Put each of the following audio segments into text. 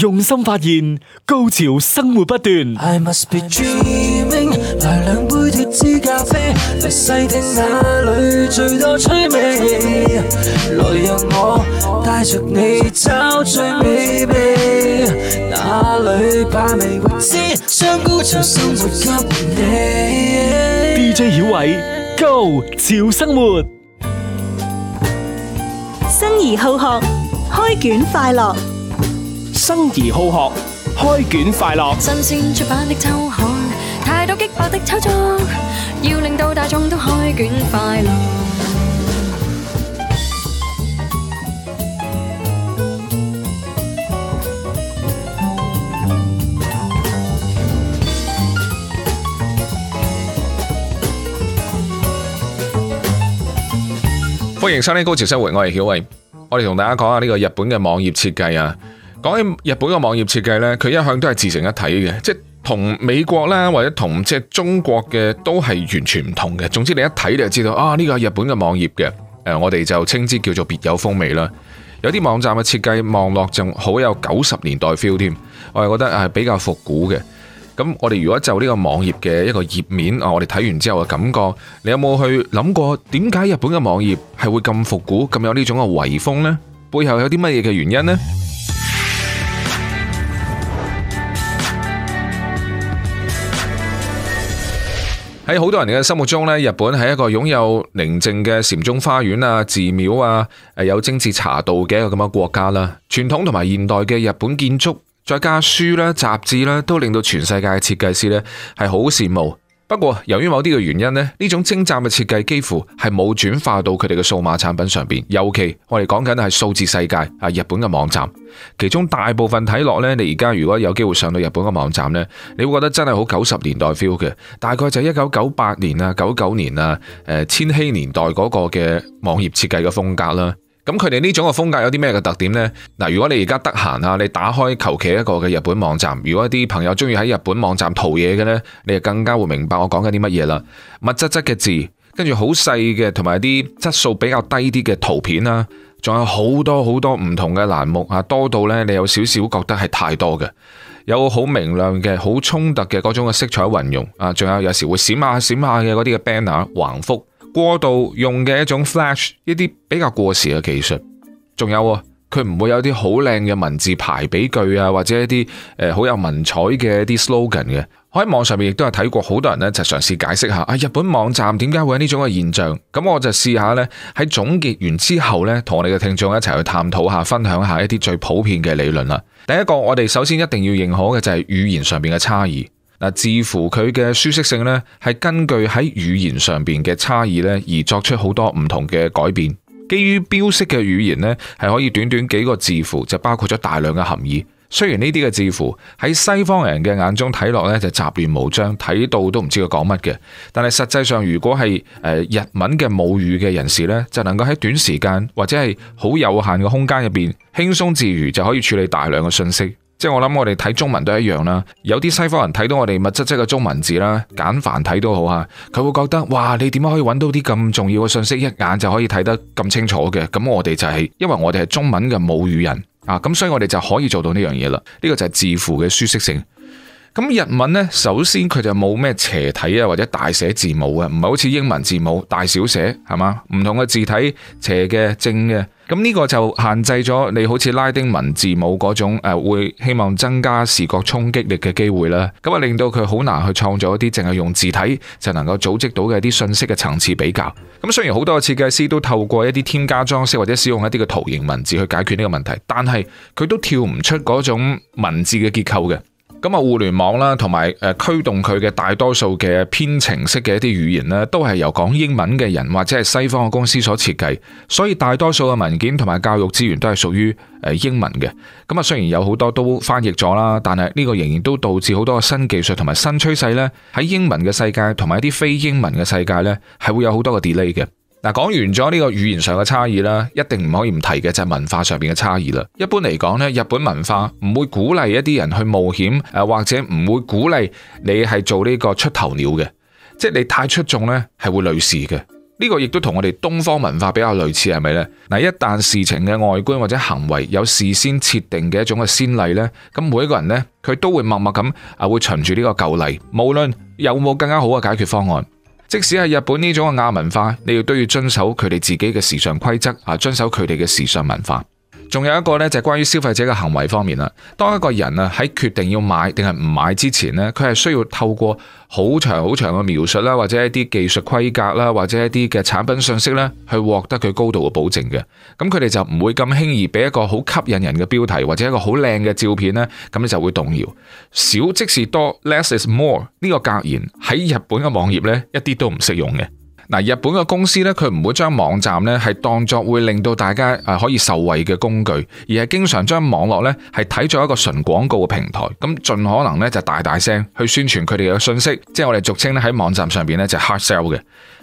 用心發現，高潮生活不斷。I must be dreaming，來兩杯脫脂咖啡，來細聽那裏最多趣味。來讓我帶着你找最美味，哪裏把味先將高潮生活給你。DJ 曉偉，高潮生活，生而好學，開卷快樂。生而好學，開卷快樂。新鮮出版的周刊，太多激發的炒作，要令到大眾都開卷快樂。歡迎收聽高潮生活，我係曉慧，我哋同大家講下呢個日本嘅網頁設計啊。講起日本嘅網頁設計呢，佢一向都係自成一體嘅，即係同美國啦，或者同即係中國嘅都係完全唔同嘅。總之你一睇你就知道啊，呢個係日本嘅網頁嘅。誒，我哋就稱之叫做別有風味啦。有啲網站嘅設計望落仲,好有九十年代 feel 添，我係覺得係比較復古嘅。咁我哋如果就呢個網頁嘅一個頁面啊，我哋睇完之後嘅感覺，你有冇去諗過點解日本嘅網頁係會咁復古，咁有呢種嘅遺風呢？背後有啲乜嘢嘅原因呢？喺好多人嘅心目中呢，日本係一個擁有寧靜嘅禪宗花園啊、寺廟啊，有精緻茶道嘅一個咁嘅國家啦。傳統同埋現代嘅日本建築，再加書啦、雜誌啦，都令到全世界嘅設計師呢係好羨慕。不過由於某啲嘅原因咧，呢種精湛嘅設計幾乎係冇轉化到佢哋嘅數碼產品上邊。尤其我哋講緊係數字世界啊，日本嘅網站，其中大部分睇落呢，你而家如果有機會上到日本嘅網站呢，你會覺得真係好九十年代 feel 嘅，大概就係一九九八年啊、九九年啊、誒千禧年代嗰個嘅網頁設計嘅風格啦。咁佢哋呢種嘅風格有啲咩嘅特點呢？嗱，如果你而家得閒啊，你打開求其一個嘅日本網站，如果啲朋友中意喺日本網站淘嘢嘅呢，你就更加會明白我講緊啲乜嘢啦。密質質嘅字，跟住好細嘅，同埋啲質素比較低啲嘅圖片啦，仲有好多好多唔同嘅欄目啊，多到呢，你有少少覺得係太多嘅，有好明亮嘅，好衝突嘅嗰種嘅色彩運用啊，仲有有時會閃下閃下嘅嗰啲嘅 banner 橫幅。過度用嘅一種 flash，一啲比較過時嘅技術，仲有啊，佢唔會有啲好靚嘅文字排比句啊，或者一啲誒好有文采嘅一啲 slogan 嘅。我喺網上面亦都係睇過，好多人咧就嘗試解釋下，係、啊、日本網站點解會有呢種嘅現象。咁我就試下咧，喺總結完之後咧，同我哋嘅聽眾一齊去探討下，分享下一啲最普遍嘅理論啦。第一個，我哋首先一定要認可嘅就係語言上面嘅差異。嗱，字符佢嘅舒適性呢，係根據喺語言上邊嘅差異呢，而作出好多唔同嘅改變。基於標識嘅語言呢，係可以短短幾個字符就包括咗大量嘅含義。雖然呢啲嘅字符喺西方人嘅眼中睇落呢，就雜亂無章，睇到都唔知佢講乜嘅，但係實際上如果係誒日文嘅母語嘅人士呢，就能夠喺短時間或者係好有限嘅空間入邊輕鬆自如就可以處理大量嘅信息。即係我諗，我哋睇中文都一樣啦。有啲西方人睇到我哋密質質嘅中文字啦，簡繁體都好吓，佢會覺得哇，你點樣可以揾到啲咁重要嘅信息，一眼就可以睇得咁清楚嘅？咁我哋就係、是、因為我哋係中文嘅母語人啊，咁所以我哋就可以做到呢樣嘢啦。呢、這個就係字符嘅舒適性。咁日文呢，首先佢就冇咩斜體啊，或者大寫字母啊，唔係好似英文字母大小寫係嘛，唔同嘅字體斜嘅、正嘅。咁呢個就限制咗你好似拉丁文字母嗰種誒，會希望增加視覺衝擊力嘅機會啦。咁啊，令到佢好難去創造一啲淨係用字體就能夠組織到嘅一啲信息嘅層次比較。咁雖然好多設計師都透過一啲添加裝飾或者使用一啲嘅圖形文字去解決呢個問題，但係佢都跳唔出嗰種文字嘅結構嘅。咁啊，互聯網啦，同埋誒驅動佢嘅大多數嘅編程式嘅一啲語言呢，都係由講英文嘅人或者係西方嘅公司所設計，所以大多數嘅文件同埋教育資源都係屬於誒英文嘅。咁啊，雖然有好多都翻譯咗啦，但係呢個仍然都導致好多個新技術同埋新趨勢呢，喺英文嘅世界同埋一啲非英文嘅世界呢，係會有好多嘅 delay 嘅。嗱，講完咗呢個語言上嘅差異啦，一定唔可以唔提嘅就係文化上面嘅差異啦。一般嚟講呢，日本文化唔會鼓勵一啲人去冒險，誒或者唔會鼓勵你係做呢個出頭鳥嘅，即係你太出眾呢係會累事嘅。呢個亦都同我哋東方文化比較類似，係咪呢？嗱，一旦事情嘅外觀或者行為有事先設定嘅一種嘅先例呢，咁每一個人呢，佢都會默默咁啊會循住呢個舊例，無論有冇更加好嘅解決方案。即使係日本呢種嘅亞文化，你要都要遵守佢哋自己嘅時尚規則，遵守佢哋嘅時尚文化。仲有一個咧，就係關於消費者嘅行為方面啦。當一個人啊喺決定要買定係唔買之前咧，佢係需要透過好長好長嘅描述啦，或者一啲技術規格啦，或者一啲嘅產品信息咧，去獲得佢高度嘅保證嘅。咁佢哋就唔會咁輕易俾一個好吸引人嘅標題或者一個好靚嘅照片咧，咁你就會動搖。少即是多 （less is more） 呢個格言喺日本嘅網頁咧一啲都唔適用嘅。嗱，日本嘅公司咧，佢唔會將網站咧係當作會令到大家誒可以受惠嘅工具，而係經常將網絡咧係睇作一個純廣告嘅平台，咁盡可能咧就大大聲去宣傳佢哋嘅信息，即係我哋俗稱咧喺網站上邊咧就 hard sell 嘅。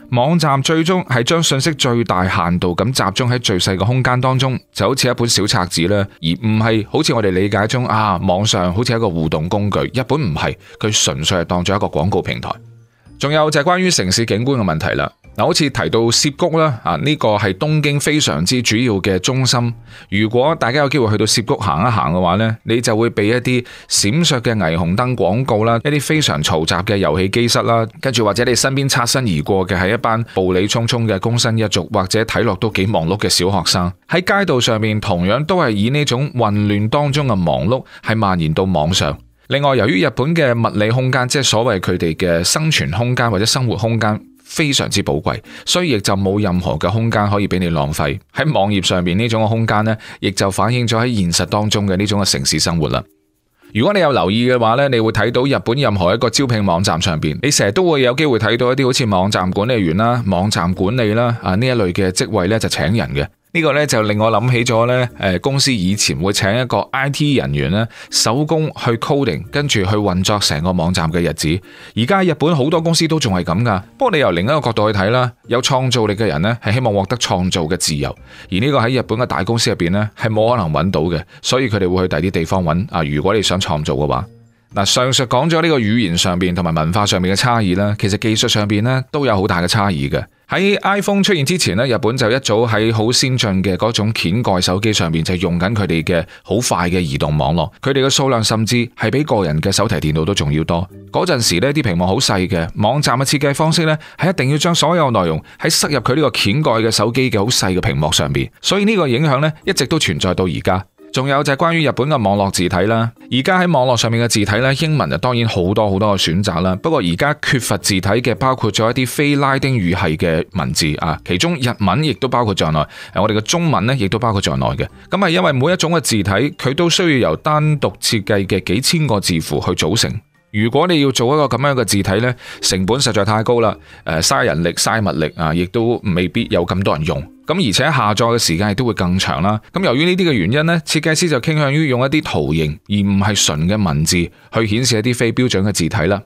網站最終係將信息最大限度咁集中喺最細嘅空間當中，就好似一本小冊子啦，而唔係好似我哋理解中啊網上好似一個互動工具。日本唔係，佢純粹係當作一個廣告平台。仲有就係關於城市景觀嘅問題啦。嗱，好似提到涉谷啦，啊、這、呢個係東京非常之主要嘅中心。如果大家有機會去到涉谷行一行嘅話呢，你就會俾一啲閃爍嘅霓虹燈廣告啦，一啲非常嘈雜嘅遊戲機室啦，跟住或者你身邊擦身而過嘅係一班步履匆匆嘅工薪一族，或者睇落都幾忙碌嘅小學生喺街道上面，同樣都係以呢種混亂當中嘅忙碌係蔓延到網上。另外，由於日本嘅物理空間，即係所謂佢哋嘅生存空間或者生活空間。非常之寶貴，所以亦就冇任何嘅空間可以俾你浪費喺網頁上面呢種嘅空間呢，亦就反映咗喺現實當中嘅呢種嘅城市生活啦。如果你有留意嘅話呢，你會睇到日本任何一個招聘網站上邊，你成日都會有機會睇到一啲好似網站管理員啦、網站管理啦、啊呢一類嘅職位呢，就請人嘅。呢個呢，就令我諗起咗呢，誒，公司以前會請一個 IT 人員咧，手工去 coding，跟住去運作成個網站嘅日子。而家日本好多公司都仲係咁噶。不過你由另一個角度去睇啦，有創造力嘅人呢，係希望獲得創造嘅自由，而呢個喺日本嘅大公司入邊呢，係冇可能揾到嘅，所以佢哋會去第啲地方揾。啊，如果你想創造嘅話，嗱，上述講咗呢個語言上邊同埋文化上面嘅差異啦，其實技術上邊呢都有好大嘅差異嘅。喺 iPhone 出現之前咧，日本就一早喺好先進嘅嗰種掀蓋手機上面就用緊佢哋嘅好快嘅移動網絡，佢哋嘅數量甚至係比個人嘅手提電腦都仲要多。嗰陣時咧，啲屏幕好細嘅網站嘅設計方式呢，係一定要將所有內容喺塞入佢呢個掀蓋嘅手機嘅好細嘅屏幕上面。所以呢個影響呢，一直都存在到而家。仲有就係關於日本嘅網絡字體啦，而家喺網絡上面嘅字體呢，英文就當然好多好多嘅選擇啦。不過而家缺乏字體嘅包括咗一啲非拉丁語系嘅文字啊，其中日文亦都包括在內，我哋嘅中文呢亦都包括在內嘅。咁係因為每一種嘅字體，佢都需要由單獨設計嘅幾千個字符去組成。如果你要做一個咁樣嘅字體呢，成本實在太高啦，嘥人力嘥物力啊，亦都未必有咁多人用。咁而且下載嘅時間亦都會更長啦。咁由於呢啲嘅原因咧，設計師就傾向於用一啲圖形而唔係純嘅文字去顯示一啲非標準嘅字體啦。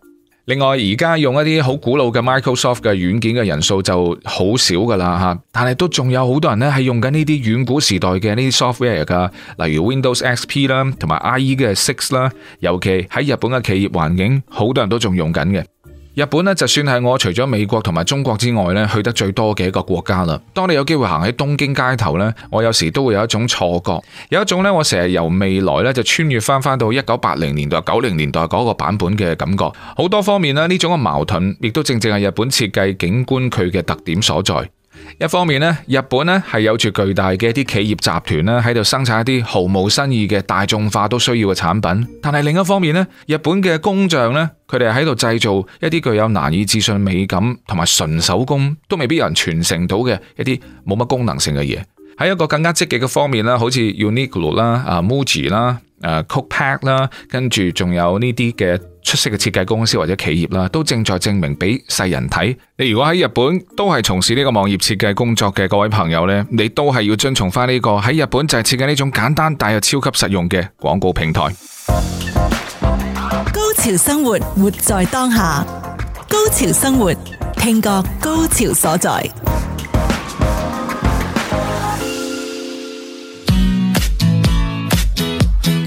另外，而家用一啲好古老嘅 Microsoft 嘅軟件嘅人數就好少㗎喇吓，但係都仲有好多人咧係用緊呢啲遠古時代嘅呢啲 software 㗎，例如 Windows XP 啦，同埋 IE 嘅 Six 啦。尤其喺日本嘅企業環境，好多人都仲用緊嘅。日本呢，就算係我除咗美國同埋中國之外呢，去得最多嘅一個國家啦。當你有機會行喺東京街頭呢，我有時都會有一種錯覺，有一種呢，我成日由未來呢就穿越翻翻到一九八零年代，九零年代嗰個版本嘅感覺。好多方面呢，呢種嘅矛盾，亦都正正係日本設計景觀佢嘅特點所在。一方面咧，日本咧係有住巨大嘅一啲企業集團咧喺度生產一啲毫無新意嘅大眾化都需要嘅產品，但係另一方面咧，日本嘅工匠咧，佢哋喺度製造一啲具有難以置信美感同埋純手工都未必有人傳承到嘅一啲冇乜功能性嘅嘢。喺一個更加積極嘅方面啦，好似 Uniqlo 啦、啊 Muji 啦。誒，Cookpad 啦，跟住仲有呢啲嘅出色嘅設計公司或者企業啦，都正在證明俾世人睇。你如果喺日本都係從事呢個網頁設計工作嘅各位朋友呢，你都係要遵從翻呢個喺日本就係設計呢種簡單但又超級實用嘅廣告平台。高潮生活，活在當下。高潮生活，聽過高潮所在。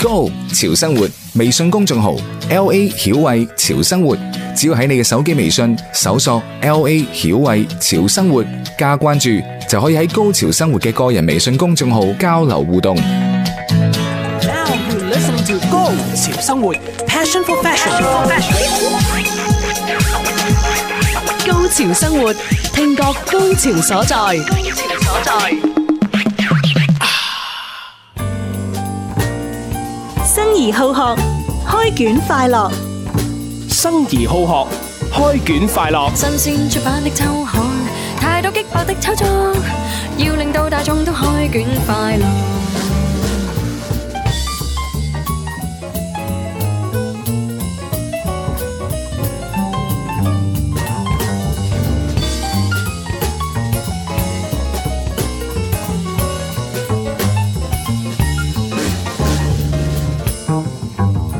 高潮生活微信公眾號 L A 曉慧潮生活，只要喺你嘅手機微信搜索 L A 曉慧潮生活加關注，就可以喺高潮生活嘅個人微信公眾號交流互動。Now you listen to 高潮生活，Passion for fashion。ful 高潮生活，聽覺高潮所在。高潮生而好學，開卷快樂。生而好學，開卷快樂。新鮮出版的周刊，太多激爆的炒作，要令到大眾都開卷快樂。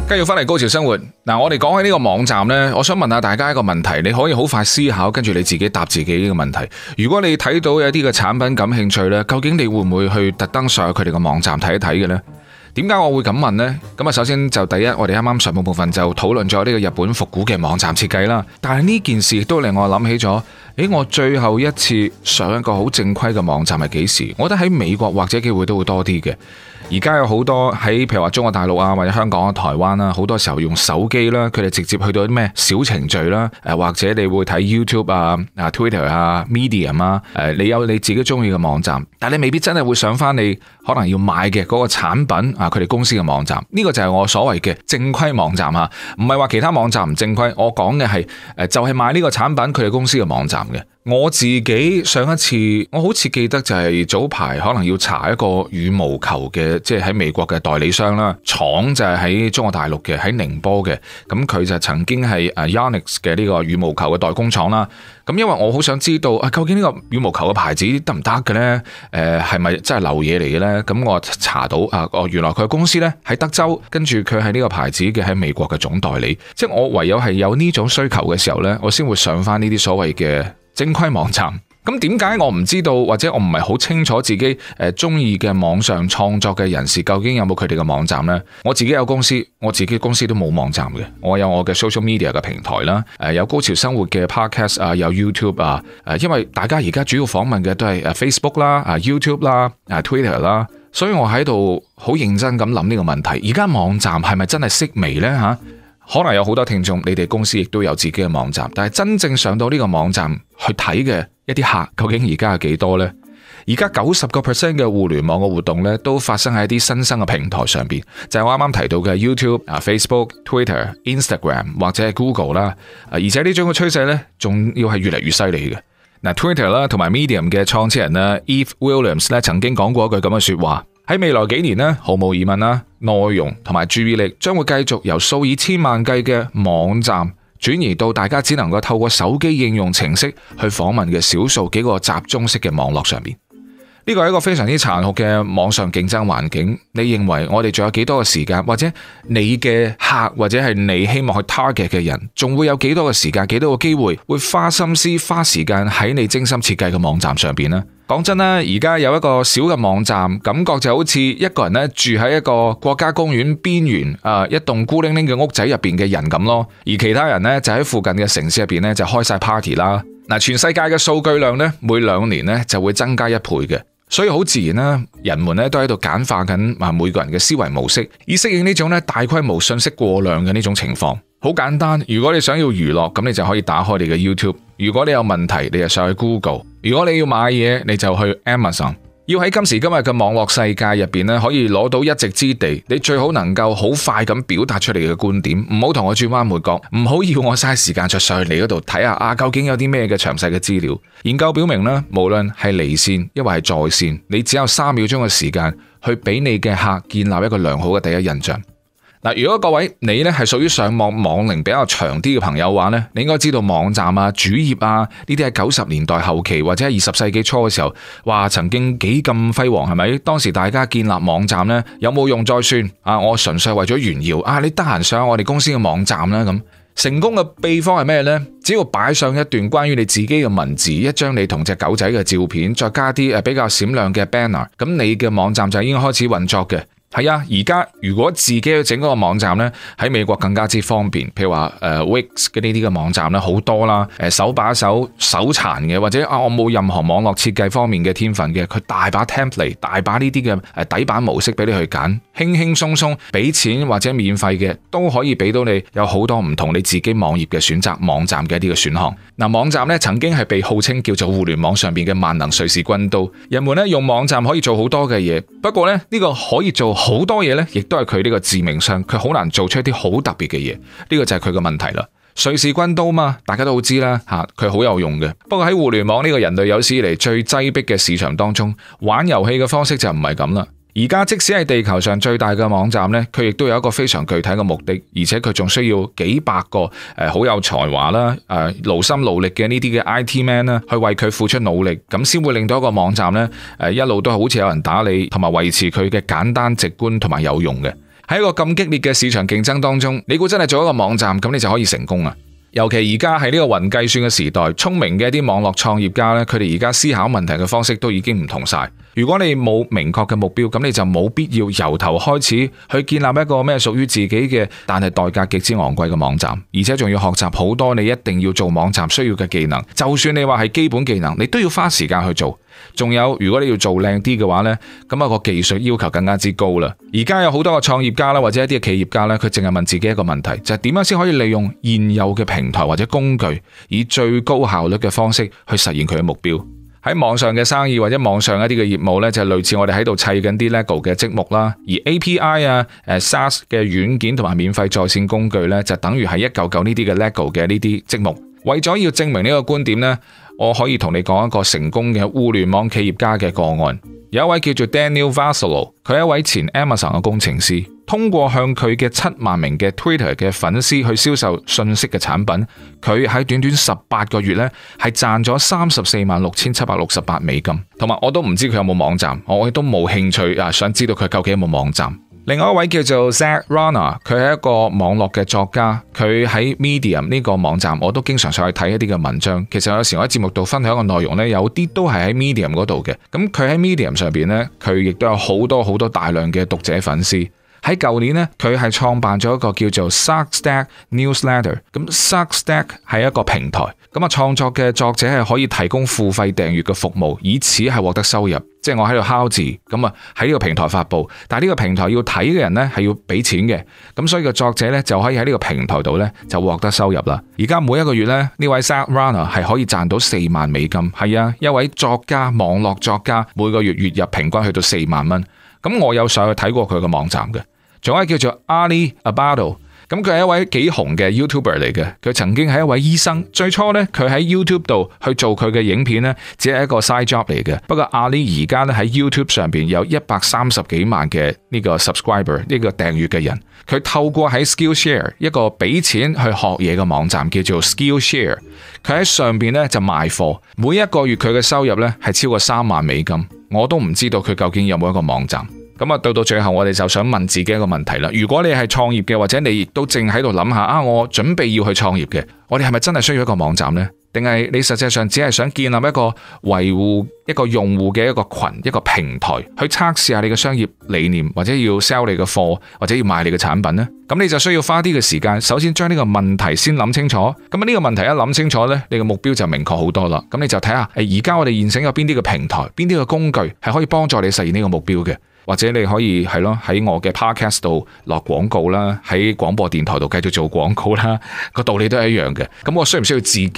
繼續翻嚟高潮生活嗱，我哋講起呢個網站呢，我想問下大家一個問題，你可以好快思考，跟住你自己答自己呢個問題。如果你睇到有啲個產品感興趣呢，究竟你會唔會去特登上佢哋個網站睇一睇嘅呢？點解我會咁問呢？咁啊，首先就第一，我哋啱啱上半部分就討論咗呢個日本復古嘅網站設計啦。但係呢件事都令我諗起咗，誒，我最後一次上一個好正規嘅網站係幾時？我覺得喺美國或者機會都會多啲嘅。而家有好多喺，譬如話中國大陸啊，或者香港啊、台灣啊，好多時候用手機啦，佢哋直接去到啲咩小程序啦，誒或者你會睇 YouTube 啊、Twitter 啊、Medium 啊，誒你有你自己中意嘅網站，但係你未必真係會上翻你可能要買嘅嗰個產品啊，佢哋公司嘅網站呢、這個就係我所謂嘅正規網站啊。唔係話其他網站唔正規，我講嘅係誒就係、是、買呢個產品佢哋公司嘅網站嘅。我自己上一次我好似記得就係早排可能要查一個羽毛球嘅，即係喺美國嘅代理商啦，廠就係喺中國大陸嘅，喺寧波嘅。咁佢就曾經係誒 Yonex 嘅呢個羽毛球嘅代工廠啦。咁因為我好想知道啊，究竟呢個羽毛球嘅牌子得唔得嘅呢？誒係咪真係流嘢嚟嘅呢？咁我查到啊，哦原來佢嘅公司呢喺德州，跟住佢係呢個牌子嘅喺美國嘅總代理。即係我唯有係有呢種需求嘅時候呢，我先會上返呢啲所謂嘅正規網站。咁，點解我唔知道，或者我唔係好清楚自己誒鍾意嘅網上創作嘅人士究竟有冇佢哋嘅網站呢？我自己有公司，我自己公司都冇網站嘅，我有我嘅 social media 嘅平台啦，誒有高潮生活嘅 podcast 啊，有 YouTube 啊，誒因為大家而家主要訪問嘅都係誒 Facebook 啦、啊 YouTube 啦、Twitter 啦，所以我喺度好認真咁諗呢個問題，而家網站係咪真係式微呢？嚇？可能有好多聽眾，你哋公司亦都有自己嘅網站，但係真正上到呢個網站去睇嘅一啲客，究竟而家係幾多呢？而家九十個 percent 嘅互聯網嘅活動咧，都發生喺啲新生嘅平台上邊，就係我啱啱提到嘅 YouTube 啊、Facebook Tw、Twitter、Instagram 或者係 Google 啦，而且呢種嘅趨勢咧，仲要係越嚟越犀利嘅。嗱，Twitter 啦，同埋 Medium 嘅創始人呢 Eve Williams 呢，曾經講過一句咁嘅說話。喺未來幾年，呢毫無疑問啦，內容同埋注意力將會繼續由數以千萬計嘅網站轉移到大家只能夠透過手機應用程式去訪問嘅少數幾個集中式嘅網絡上面。呢個係一個非常之殘酷嘅網上競爭環境。你認為我哋仲有幾多個時間，或者你嘅客，或者係你希望去 target 嘅人，仲會有幾多個時間、幾多個機會，會花心思、花時間喺你精心設計嘅網站上邊呢？講真啦，而家有一個小嘅網站，感覺就好似一個人呢住喺一個國家公園邊緣啊一棟孤零零嘅屋仔入邊嘅人咁咯。而其他人呢，就喺附近嘅城市入邊呢，就開晒 party 啦。嗱，全世界嘅數據量呢，每兩年呢，就會增加一倍嘅。所以好自然啦，人們咧都喺度簡化緊每個人嘅思維模式，以適應呢種大規模信息過量嘅呢種情況。好簡單，如果你想要娛樂，咁你就可以打開你嘅 YouTube；如果你有問題，你就上去 Google；如果你要買嘢，你就去 Amazon。要喺今時今日嘅網絡世界入面，咧，可以攞到一席之地，你最好能夠好快咁表達出嚟嘅觀點，唔好同我轉彎抹角，唔好要我嘥時間再上嚟嗰度睇下啊，究竟有啲咩嘅詳細嘅資料？研究表明呢，無論係離線亦或係在線，你只有三秒鐘嘅時間去俾你嘅客建立一個良好嘅第一印象。嗱，如果各位你咧係屬於上網網齡比較長啲嘅朋友話呢，你應該知道網站啊、主頁啊呢啲喺九十年代後期或者係二十世紀初嘅時候，話曾經幾咁輝煌係咪？當時大家建立網站呢，有冇用再算啊？我純粹為咗炫耀啊！你得閒上我哋公司嘅網站啦咁。成功嘅秘方係咩呢？只要擺上一段關於你自己嘅文字，一張你同隻狗仔嘅照片，再加啲比較閃亮嘅 banner，咁你嘅網站就已經開始運作嘅。係啊，而家如果自己去整嗰個網站呢，喺美國更加之方便。譬如話誒 Wix 嘅呢啲嘅網站咧，好多啦。誒手把手手殘嘅，或者啊我冇任何網絡設計方面嘅天分嘅，佢大把 template，大把呢啲嘅誒底板模式俾你去揀，輕輕鬆鬆俾錢或者免費嘅都可以俾到你有好多唔同你自己網頁嘅選擇網站嘅一啲嘅選項。嗱，網站咧曾經係被號稱叫做互聯網上邊嘅萬能瑞士軍刀，人們咧用網站可以做好多嘅嘢。不過呢，呢個可以做。好多嘢呢，亦都係佢呢個致命傷，佢好難做出一啲好特別嘅嘢，呢、這個就係佢嘅問題啦。瑞士軍刀嘛，大家都好知啦，吓佢好有用嘅。不過喺互聯網呢個人類有史以嚟最擠迫嘅市場當中，玩遊戲嘅方式就唔係咁啦。而家即使係地球上最大嘅網站呢佢亦都有一個非常具體嘅目的，而且佢仲需要幾百個誒好有才華啦、誒勞心勞力嘅呢啲嘅 IT man 啦，去為佢付出努力，咁先會令到一個網站呢誒一路都好似有人打理同埋維持佢嘅簡單直觀同埋有用嘅。喺一個咁激烈嘅市場競爭當中，你估真係做一個網站咁，你就可以成功啦？尤其而家喺呢個雲計算嘅時代，聰明嘅一啲網絡創業家呢，佢哋而家思考問題嘅方式都已經唔同晒。如果你冇明確嘅目標，咁你就冇必要由頭開始去建立一個咩屬於自己嘅但係代價極之昂貴嘅網站，而且仲要學習好多你一定要做網站需要嘅技能。就算你話係基本技能，你都要花時間去做。仲有，如果你要做靚啲嘅話呢，咁啊個技術要求更加之高啦。而家有好多個創業家啦，或者一啲嘅企業家呢，佢淨係問自己一個問題，就係點樣先可以利用現有嘅平台或者工具，以最高效率嘅方式去實現佢嘅目標。喺網上嘅生意或者網上一啲嘅業務呢，就類似我哋喺度砌緊啲 lego 嘅積木啦。而 API 啊、誒 SaaS 嘅軟件同埋免費在線工具呢，就等於係一舊舊呢啲嘅 lego 嘅呢啲積木。為咗要證明呢個觀點呢。我可以同你講一個成功嘅互聯網企業家嘅個案，有一位叫做 Daniel Vassallo，佢係一位前 Amazon 嘅工程師，通過向佢嘅七萬名嘅 Twitter 嘅粉絲去銷售信息嘅產品，佢喺短短十八個月呢，係賺咗三十四萬六千七百六十八美金，同埋我都唔知佢有冇網站，我亦都冇興趣啊，想知道佢究竟有冇網站。另外一位叫做 Zach Rana，佢係一個網絡嘅作家，佢喺 Medium 呢個網站，我都經常上去睇一啲嘅文章。其實有時我喺節目度分享一個內容呢，有啲都係喺 Medium 嗰度嘅。咁佢喺 Medium 上邊呢，佢亦都有好多好多大量嘅讀者粉絲。喺舊年呢，佢係創辦咗一個叫做 Substack Newsletter。咁 Substack 係一個平台，咁啊創作嘅作者係可以提供付費訂閱嘅服務，以此係獲得收入。即係我喺度敲字，咁啊喺呢個平台發布，但係呢個平台要睇嘅人呢係要俾錢嘅，咁所以個作者呢就可以喺呢個平台度呢就獲得收入啦。而家每一個月呢，呢位 Substack runner 係可以賺到四萬美金。係啊，一位作家、網絡作家每個月月入平均去到四萬蚊。咁我有上去睇過佢嘅網站嘅，仲有叫做阿里阿巴多。咁佢係一位幾紅嘅 YouTuber 嚟嘅，佢曾經係一位醫生。最初呢，佢喺 YouTube 度去做佢嘅影片呢，只係一個 side job 嚟嘅。不過阿 Li 而家呢喺 YouTube 上邊有一百三十幾萬嘅呢個 subscriber，呢個訂閱嘅人。佢透過喺 Skillshare 一個俾錢去學嘢嘅網站叫做 Skillshare，佢喺上邊呢就賣貨。每一個月佢嘅收入呢係超過三萬美金。我都唔知道佢究竟有冇一個網站。咁啊，到到最後，我哋就想問自己一個問題啦。如果你係創業嘅，或者你亦都正喺度諗下啊，我準備要去創業嘅，我哋係咪真係需要一個網站呢？定係你實際上只係想建立一個維護一個用戶嘅一個群，一個平台去測試下你嘅商業理念，或者要 sell 你嘅貨，或者要賣你嘅產品呢？咁你就需要花啲嘅時間，首先將呢個問題先諗清楚。咁啊，呢個問題一諗清楚呢，你嘅目標就明確好多啦。咁你就睇下，而家我哋現成有邊啲嘅平台，邊啲嘅工具係可以幫助你實現呢個目標嘅。或者你可以係咯喺我嘅 podcast 度落廣告啦，喺廣播電台度繼續做廣告啦，個道理都係一樣嘅。咁我需唔需要自己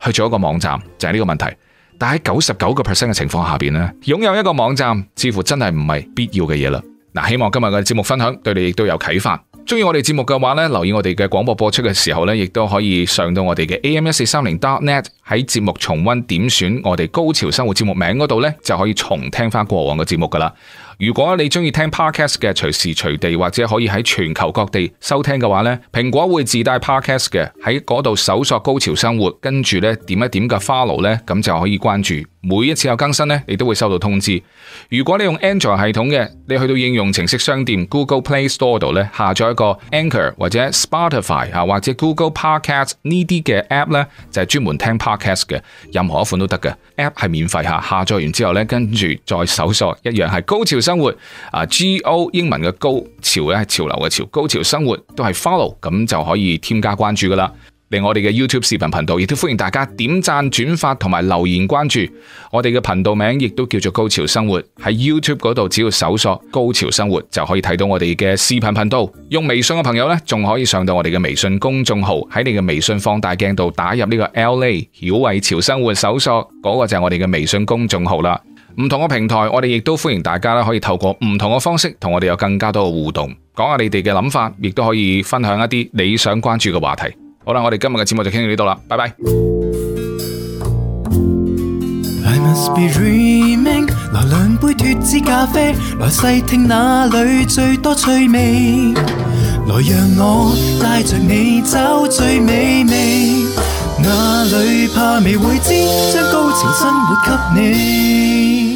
去做一個網站，就係呢個問題。但喺九十九個 percent 嘅情況下邊咧，擁有一個網站似乎真係唔係必要嘅嘢啦。嗱，希望今日嘅節目分享對你亦都有啟發。中意我哋節目嘅話咧，留意我哋嘅廣播播出嘅時候咧，亦都可以上到我哋嘅 a m 一四三零 dot net 喺節目重溫點選我哋高潮生活節目名嗰度咧，就可以重聽翻過往嘅節目噶啦。如果你鍾意聽 podcast 嘅，隨時隨地或者可以喺全球各地收聽嘅話呢，蘋果會自帶 podcast 嘅，喺嗰度搜索高潮生活，跟住呢點一點嘅 follow 咧，咁就可以關注。每一次有更新呢，你都會收到通知。如果你用 Android 系統嘅，你去到應用程式商店 Google Play Store 度呢，下載一個 Anchor 或者 Spotify 啊，或者 Google Podcast 呢啲嘅 App 呢，就係專門聽 Podcast 嘅，任何一款都得嘅。App 係免費吓，下載完之後呢，跟住再搜索，一樣係高潮生活啊。G O 英文嘅高潮呢，係潮流嘅潮，高潮生活都係 follow 咁就可以添加關注噶啦。嚟我哋嘅 YouTube 視頻頻道，亦都歡迎大家點讚、轉發同埋留言關注我哋嘅頻道名，亦都叫做《高潮生活》。喺 YouTube 嗰度，只要搜索《高潮生活》就可以睇到我哋嘅視頻頻道。用微信嘅朋友呢，仲可以上到我哋嘅微信公眾號。喺你嘅微信放大鏡度，打入呢個 L A 曉慧潮生活，搜索嗰、嗰個就係我哋嘅微信公眾號啦。唔同嘅平台，我哋亦都歡迎大家呢，可以透過唔同嘅方式同我哋有更加多嘅互動。講下你哋嘅諗法，亦都可以分享一啲你想關注嘅話題。好啦，我哋今日嘅節目就傾到呢度啦，拜拜。I must be dreaming，來兩杯脫脂咖啡，來細聽哪裡最多趣味，來讓我帶著你找最美味，哪裡怕未會知將高情生活給你。